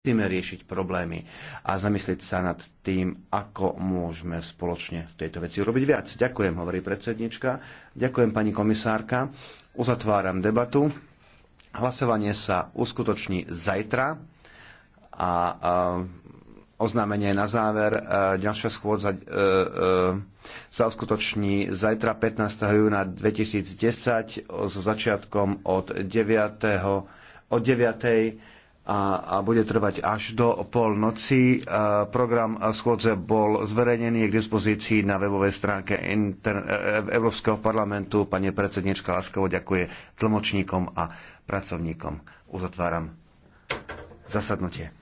musíme riešiť problémy a zamyslieť sa nad tým, ako môžeme spoločne v tejto veci urobiť viac. Ďakujem, hovorí predsednička. Ďakujem, pani komisárka. Uzatváram debatu. Hlasovanie sa uskutoční zajtra a oznámenie na záver. Ďalšia schôdza e, e, sa uskutoční zajtra 15. júna 2010 so začiatkom od 9. od 9 a, a bude trvať až do polnoci. Program schôdze bol zverejnený, je k dispozícii na webovej stránke Inter- e, e, Európskeho parlamentu. Pani predsednička Láskovo ďakuje tlmočníkom a pracovníkom. Uzatváram zasadnutie.